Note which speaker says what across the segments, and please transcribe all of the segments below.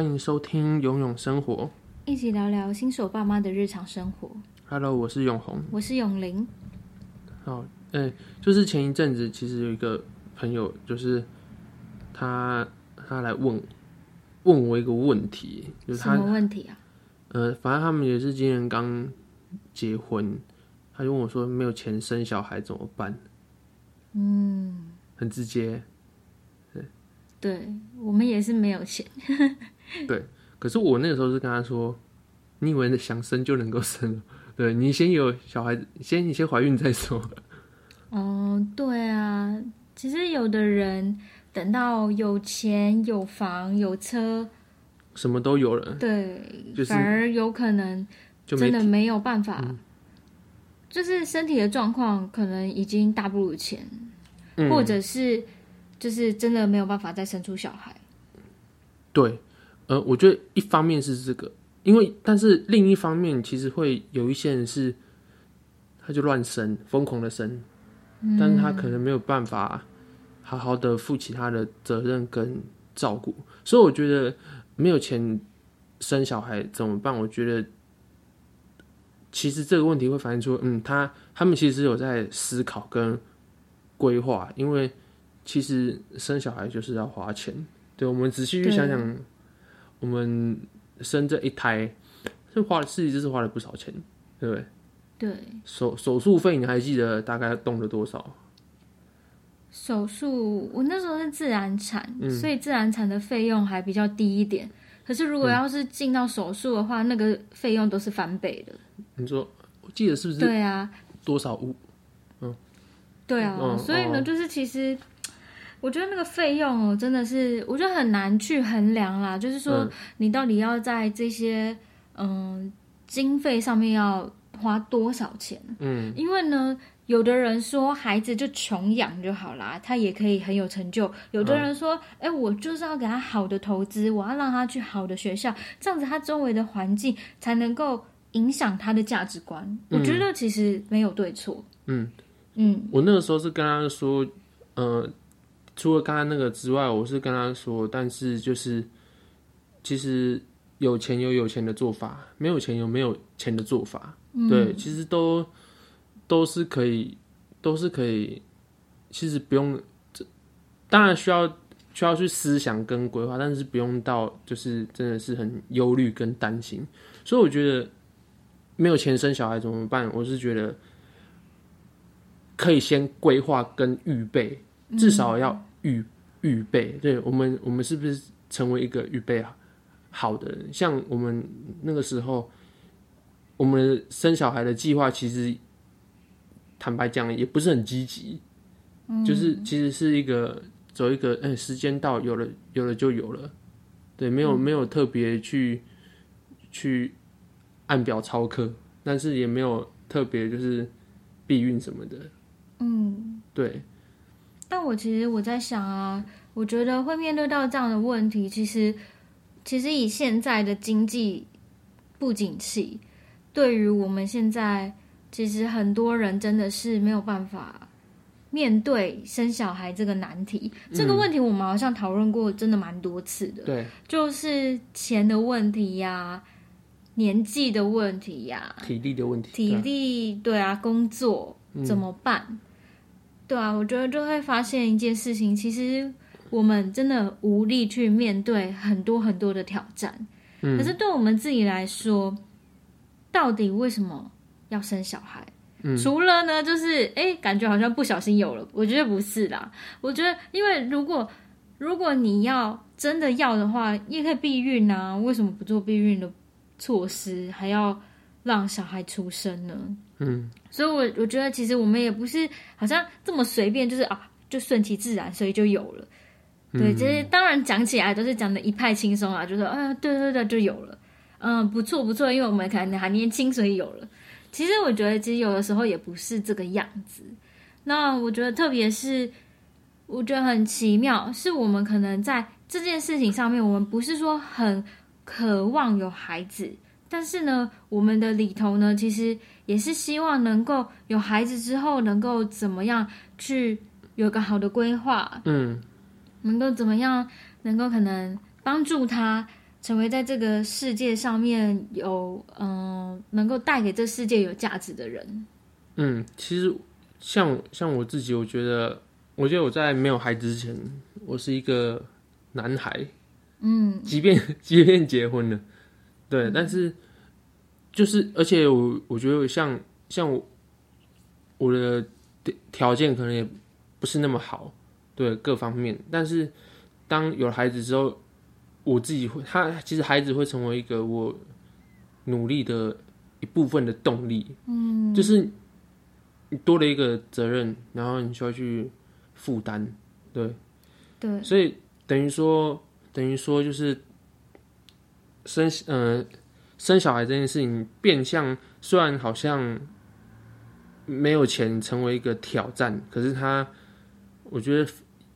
Speaker 1: 歡迎收聽《永詠生活》，
Speaker 2: 一起聊聊新手爸媽的日常生活。
Speaker 1: Hello，我是永紅，
Speaker 2: 我是永玲。
Speaker 1: 好，哎、欸，就是前一陣子，其實有一個朋友，就是他他來問問我一個問題，就是他什麼問題啊？呃，反正他們也是今年剛結婚，他就問我說：“沒有錢生小孩怎麼辦？”嗯，很直接。對，
Speaker 2: 對，我們也是沒有錢。
Speaker 1: 對，可是我那個時候是跟他說：“你以為想生就能夠生？對，你先有小孩先你先懷孕再說。”
Speaker 2: 哦、嗯，對啊，其實有的人等到有錢、有房、有車，
Speaker 1: 什麼都有了，
Speaker 2: 對，就是、反而有可能真的沒有辦法，就，嗯、就是身體的狀況可能已經大不如前，嗯、或者是就是真的沒有辦法再生出小孩。
Speaker 1: 對。呃，我覺得一方面是這個，因為但是另一方面，其實會有一些人是，他就亂生，瘋狂的生，嗯、
Speaker 2: 但是他可
Speaker 1: 能沒有辦法好好的負起他的責任跟照顧，所以我覺得沒有錢生小孩怎麼辦？我覺得其實這個問題會反映出，嗯，他他們其實有在思考跟規劃，因為其實生小孩就是要花錢，對，我們仔細去想想。我們生這一胎是花了，就是是花了不少錢，對不對？對。手手術費你還記得大概動了多少？
Speaker 2: 手術我那時候是自然產，嗯、所以自然產的費用還比較低一點。可是如果要是進到手術的話，嗯、那個費用都是翻倍的。
Speaker 1: 你說，我記得是不是？對啊。多少五？嗯。
Speaker 2: 對啊，所以呢，就是其實。我覺得那個費用哦，真的是我覺得很難去衡量啦。就是說，你到底要在這些嗯、呃、經費上面要花多少錢？嗯，因為呢，有的人說孩子就窮養就好啦，他也可以很有成就；有的人說，哎，我就是要給他好的投資，我要讓他去好的學校，這樣子他周圍的環境才能夠影響他的價值觀。我覺得其實沒有對錯。嗯嗯，
Speaker 1: 我那個時候是跟他說，呃。除了剛剛那個之外，我是跟他說，但是就是其實有錢有有錢的做法，沒有錢有沒有錢的做法，嗯、對，其實都都是可以，都是可以。其實不用這，當然需要需要去思想跟規劃，但是不用到就是真的是很憂慮跟擔心。所以我覺得沒有錢生小孩怎麼辦？我是覺得可以先規劃跟預備，
Speaker 2: 至少
Speaker 1: 要、嗯。預預備，對我們，我們是不是成為一個預備啊，好的人，像我們那個時候，我們生小孩的計劃其實，坦白講也不是很積極，嗯、就是其實是一個走一個，嗯、欸，時間到有了有了就有了，對，沒有、嗯、沒有特別去去按表操課，但是也沒有特別就是避孕什麼的，嗯，對。
Speaker 2: 我其實我在想啊，我覺得會面對到這樣的問題，其實其實以現在的經濟不景氣，對於我們現在，其實很多人真的是沒有辦法面對生小孩這個難題。嗯、這個問題我們好像討論過，真的蠻多次的。對，就是錢的問題呀、啊，年紀的問題呀、啊，
Speaker 1: 體力的問題，體力
Speaker 2: 對啊，對啊，工作怎麼辦？嗯對啊，我覺得就會發現一件事情，其實我們真的無力去面對很多很多的挑戰。
Speaker 1: 嗯。可是對
Speaker 2: 我們自己來說，到底為什麼要生小孩？
Speaker 1: 嗯。除
Speaker 2: 了呢，就是哎、欸，感覺好像不小心有了。我覺得不是啦，我覺得因為如果如果你要真的要的話，也可以避孕啊。為什麼不做避孕的措施，還要讓小孩出生呢？嗯，所以我，我我覺得其實我們也不是好像這麼隨便，就是啊，就順其自然，所以就有了。對，其實當然講起來都是講的一派輕鬆啊，就是啊，對，對對對，就有了。嗯，不錯不錯，因為我們可能還年輕，所以有了。其實我覺得，其實有的時候也不是這個樣子。那我覺得特別是，特別是我覺得很奇妙，是我們可能在這件事情上面，我們不是說很渴望有孩子。但是呢，我們的裡頭呢，其實也是希望能夠有孩子之後，能夠怎麼樣去有個好的規劃，嗯，能夠怎麼樣，能夠可能幫助他成為在這個世界上面有嗯、呃，能夠帶給這世界有價值的人。
Speaker 1: 嗯，其實像像我自己，我覺得，我覺得我在沒有孩子之前，我是一個男孩，嗯，即便即便結婚了。對，嗯，但是就是，而且我我覺得像像我我的條件可能也不是那麼好，對各方面。但是當有了孩子之後，我自己會，他其實孩子會成為一個我努力的一部分的動力。嗯，就是你多了一個責任，然後你需要去負擔。對，對，所以等於說，等於說就是。生嗯、呃，生小孩這件事情，變相雖然好像沒有錢成為一個挑戰，可是他，我覺得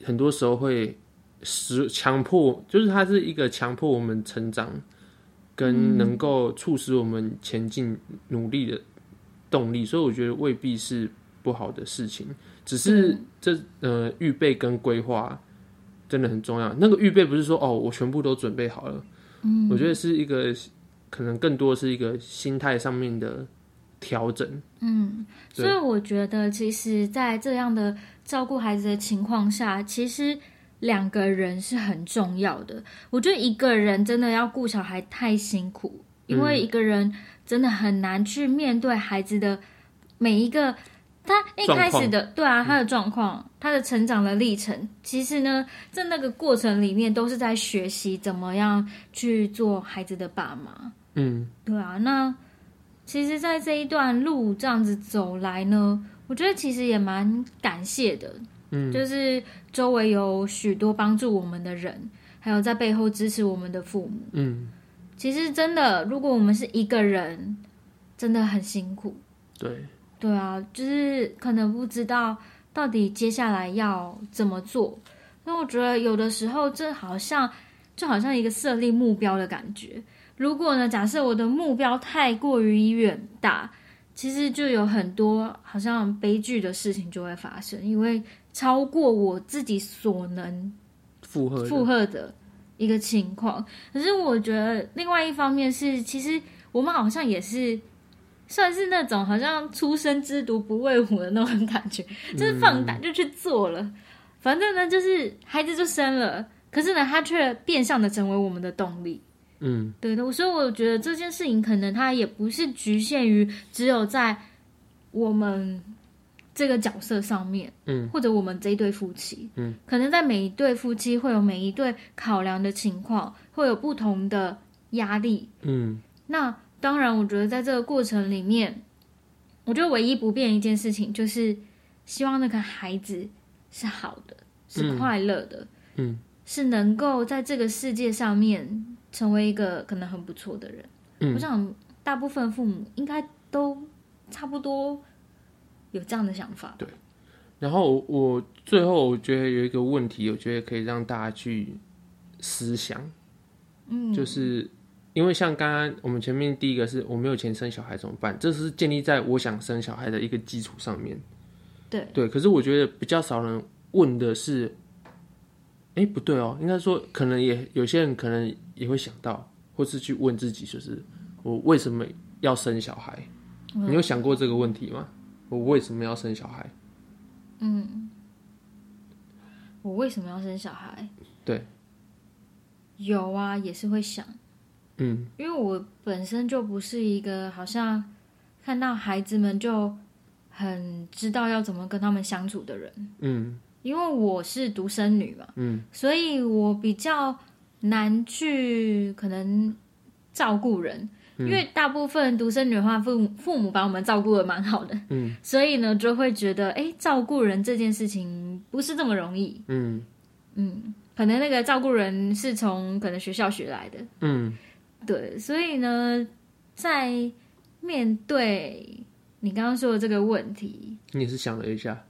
Speaker 1: 很多時候會使強迫，就是他是一個強迫我們成長，跟能夠促使我們前進努力的動力。嗯、所以我覺得未必是不好的事情，只是這呃預備跟規劃真的很重要。那個預備不是說哦，我全部都準備好了。嗯、我覺得是一個，可能更多是一個心態上面的調整。嗯，所以
Speaker 2: 我覺得，其實，在這樣的照顧孩子的情況下，其實兩個人是很重要的。我覺得一個人真的要顧小孩太辛苦，因為一個人真的很難去面對孩子的每一個他一開始的，況對啊，他的狀況。嗯他的成長的歷程，其實呢，在那個過程裡面，都是在學習怎麼樣去做孩子的爸媽。嗯，對啊。那其實，在這一段路這樣子走來呢，我覺得其實也蠻感謝的。嗯，就是周圍有許多幫助我們的人，還有在背後支持我們的父母。嗯，其實真的，如果我們是一個人，真的很辛苦。
Speaker 1: 對，
Speaker 2: 對啊，就是可能不知道。到底接下來要怎麼做？那我覺得有的時候，這好像就好像一個設立目標的感覺。如果呢，假設我的目標太過於遠大，其實就有很多好像悲劇的事情就會發生，因為超過我自己所能
Speaker 1: 負荷負荷
Speaker 2: 的一個情況。可是我覺得另外一方面是，其實我們好像也是。算是那種好像初生之犢不畏虎的那種感覺，就是放膽就去做了。嗯，反正呢，就是孩子就生了，可是呢，他卻變相的成為我們的動力。嗯，對的。我所以我覺得這件事情可能它也不是局限於只有在我們這個角色上面，嗯，或者我們這一對夫妻，嗯，可能在每一對夫妻會有每一對考量的情況，會有不同的壓力，嗯，那。當然，我覺得在這個過程裡面，我覺得唯一不變一件事情就是，希望那個孩子是好的，嗯、是快樂的，嗯，是能夠在這個世界上面成為一個可能很不錯的人。嗯、我想大部分父母應該都差不多有這樣的想法。對，
Speaker 1: 然後我最後我覺得有一個問題，我覺得可以讓大家去思想，
Speaker 2: 嗯，就是。
Speaker 1: 因為像剛剛我們前面第一個是我沒有錢生小孩怎麼辦？這是建立在我想生小孩的一個基礎上面。對對，可是我覺得比較少人問的是，哎，不對哦，應該說可能也有些人可能也會想到，或是去問自己，就是我為什麼要生小孩？嗯，你有想過這個問題嗎？我為什麼要生小孩？嗯，我為什麼要生小孩？
Speaker 2: 對，有啊，也是會想。嗯，因為我本身就不是一個好像看到孩子們就很知道要怎麼跟他們相處的人。嗯，因為我是獨生女嘛。嗯，所以我比較難去可能照顧人，嗯、因為大部分獨生女的話父母，父父母把我們照顧得蠻好的。嗯，所以呢，就會覺得哎、欸，照顧人這件事情不是這麼容易。嗯嗯，可能那個照顧人是從可能學校學來的。嗯。對，所以呢，在面對你剛剛說的這個問題，
Speaker 1: 你也是想了一下。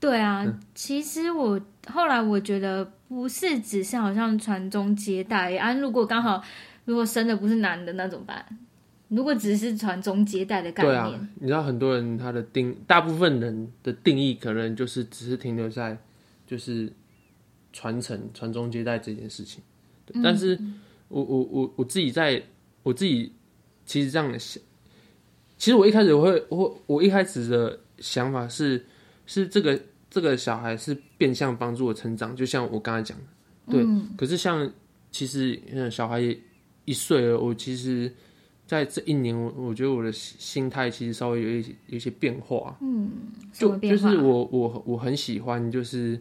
Speaker 2: 對啊，嗯，其實我後來我覺得不是只是好像傳宗接代啊，如果剛好如果生的不是男的那怎麼辦？如果只是傳宗接代的概念。
Speaker 1: 對啊，你知道很多人他的定，大部分人的定義可能就是只是停留在就是傳承傳宗接代這件事情，
Speaker 2: 對，嗯，但是。
Speaker 1: 我我我我自己在我自己，其實這樣的想，其實我一開始我會我會我一開始的想法是是這個這個小孩是變相幫助我成長，就像我剛才講的，對。嗯，可是像其實嗯，小孩也一歲了，我其實在這一年，我我覺得我的心態其實稍微有一些有一些變化，嗯，就就是我我我很喜歡，就是，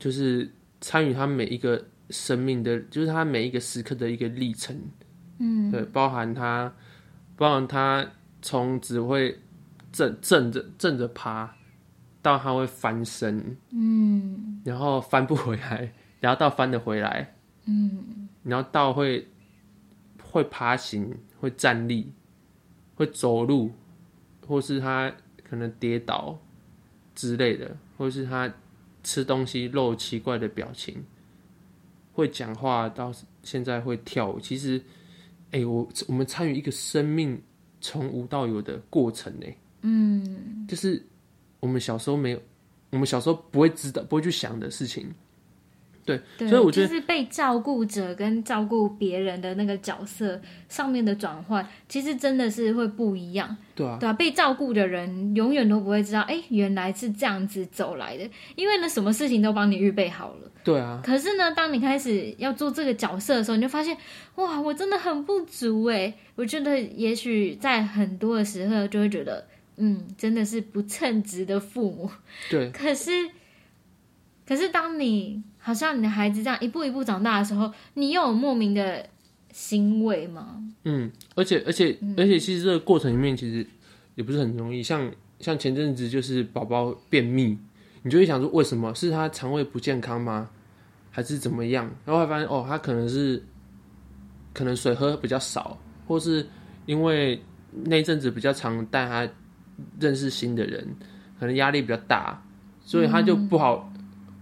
Speaker 1: 就是就是參與他每一個。生命的，就是他每一個時刻的一個歷程，嗯，對，包含他，包含他從只會正正着正着爬，到他會翻身，嗯，然後翻不回來，然後到翻得回來，嗯，然後到會會爬行，會站立，會走路，或是他可能跌倒之類的，或是他吃東西露奇怪的表情。會講話到現在會跳舞，其實，哎、欸，我我們參與一個生命從無到有的過程呢。嗯，就是我們小時候沒有，我們小時候不會知道，不會去想的事情。對，對，所以我覺得就是
Speaker 2: 被照顧者跟照顧別人的那個角色上面的轉換，其實真的是會不一樣。對啊，對啊，被照顧的人永遠都不會知道，哎、欸，原來是這樣子走來的，因為呢，什麼事情都幫你預備好了。對啊，可是呢，當你開始要做這個角色的時候，你就發現，哇，我真的很不足哎、欸。我覺得也許在很多的時候，就會覺得，嗯，真的是不稱職的父母。對，可是，可是當你。好像你的孩子這樣一步一步長大的時候，你又有莫名的欣慰嗎？嗯，而
Speaker 1: 且而且而且，而且其實這個過程裡面其實也不是很容易。像像前陣子就是寶寶便秘，你就會想說，為什麼是他腸胃不健康嗎？還是怎麼樣？然後會發現哦，他可能是可能水喝比較少，或是因為那陣子比較常帶他認識新的人，可能壓力比較大，所以他就不好。嗯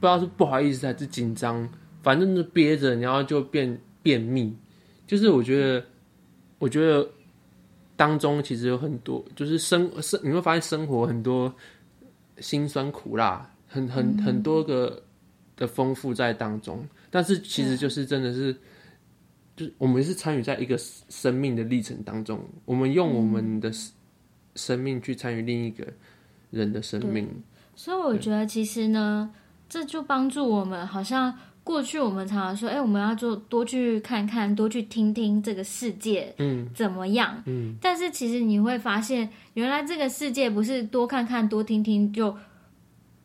Speaker 1: 不知道是不好意思還是緊張，反正就憋着，然後就變便便秘。就是我覺得，嗯、我覺得當中其實有很多，就是生生你會發現生活很多辛酸苦辣，很很、嗯、很多個的豐富在當中。但是其實就是真的是，對就我們是參與在一個生命的歷程當中，我們用我們的生命去參與另一個人的生命。
Speaker 2: 所以我覺得其實呢。這就幫助我們，好像過去我們常常說：“哎、欸，我們要做多去看看，多去聽聽這個世界，嗯，怎麼樣？”嗯，嗯，但是其實你會發現，原來這個世界不是多看看、多聽聽就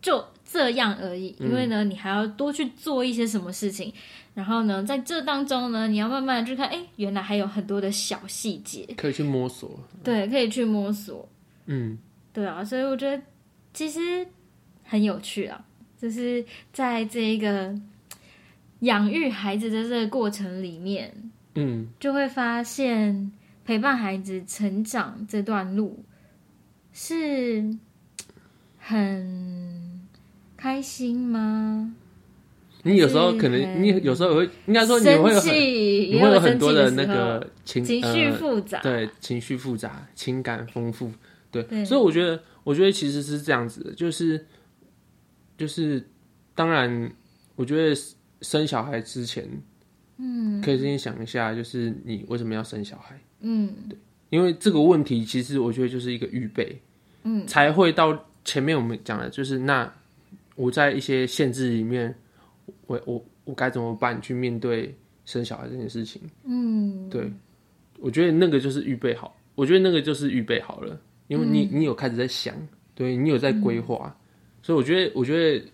Speaker 2: 就這樣而已，嗯、因為呢，你還要多去做一些什麼事情。然後呢，在這當中呢，你要慢慢去看，哎、欸，原來還有很多的小細節
Speaker 1: 可以去摸索，
Speaker 2: 對，可以去摸索，嗯，對啊，所以我覺得其實很有趣啊。就是在這一個養育孩子的這個過程裡面，嗯，就會發現陪伴孩子成長，這段路是很開心嗎？你有時候可能，你有時候也會應該說你你會很生氣也有很多的那個情緒複雜，呃、對
Speaker 1: 情緒複雜，情感豐富，對，對所以我覺得，我覺得其實是這樣子的，就是。就是，當然，我覺得生小孩之前，嗯，
Speaker 2: 可以
Speaker 1: 先想一下，就是你為什麼要生小孩，嗯，對，因為這個問題其實我覺得就是一個預備，嗯，才會到前面我們講的，就是那我在一些限制裡面我，我我我該怎麼辦去面對生小孩這件事情，嗯，對，我覺得那個就是預備好，我覺得那個就是預備好了，因為你、嗯、你有開始在想，對，你有在規劃、嗯。嗯所以我覺得，我覺得，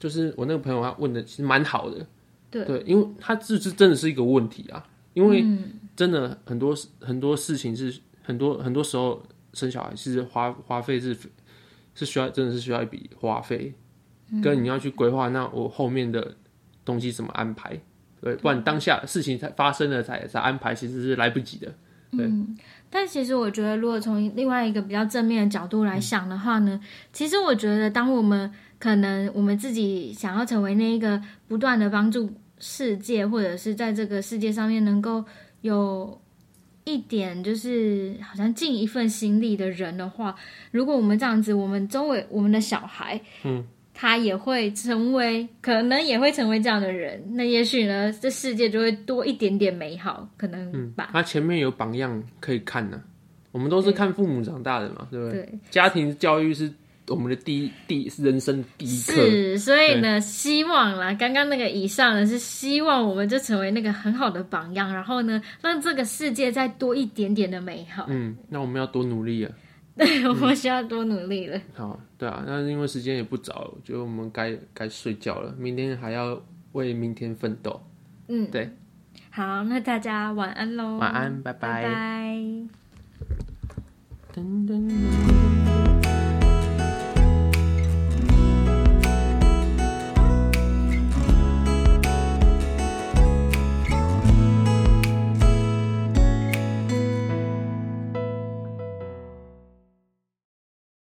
Speaker 1: 就是我那個朋友他問的其實蠻好的，對，對，因為他這是真的是一個問題啊，因為真的很多事、嗯、很多事情是很多很多時候生小孩其實花花費是是需要真的是需要一筆花費，嗯、跟你要去規劃，那我後面的東西怎麼安排？對，不然當下事情才發生了才才安排，其實是來不及的。
Speaker 2: 對嗯，但其實我覺得，如果從另外一個比較正面的角度來想的話呢，嗯、其實我覺得，當我們可能我們自己想要成為那一個不斷的幫助世界，或者是在這個世界上面能夠有一點就是好像盡一份心力的人的話，如果我們這樣子，我們周圍我們的小孩，嗯。他也會成為，可能也會成為這樣的人。那也許呢，這世界就會多一點點美好，可能吧。嗯、
Speaker 1: 他前面有榜樣可以看呢、啊，我們都是看父母長大的嘛，欸、對不對？對，家庭教育是我們的第一、第一人生第一課。是，
Speaker 2: 所以呢，對希望啦，剛剛那個以上呢，是希望我們就成為那個很好的榜樣，然後呢，讓這個世界再多一點點的美好。嗯，
Speaker 1: 那我們要多努力啊。
Speaker 2: 我們需要多努力了、
Speaker 1: 嗯。好，對啊，那因為時間也不早了，就我們該該睡覺了。明天還要為明天奮鬥。嗯，對。
Speaker 2: 好，那大家晚安嘍。晚安，拜拜。拜拜噔噔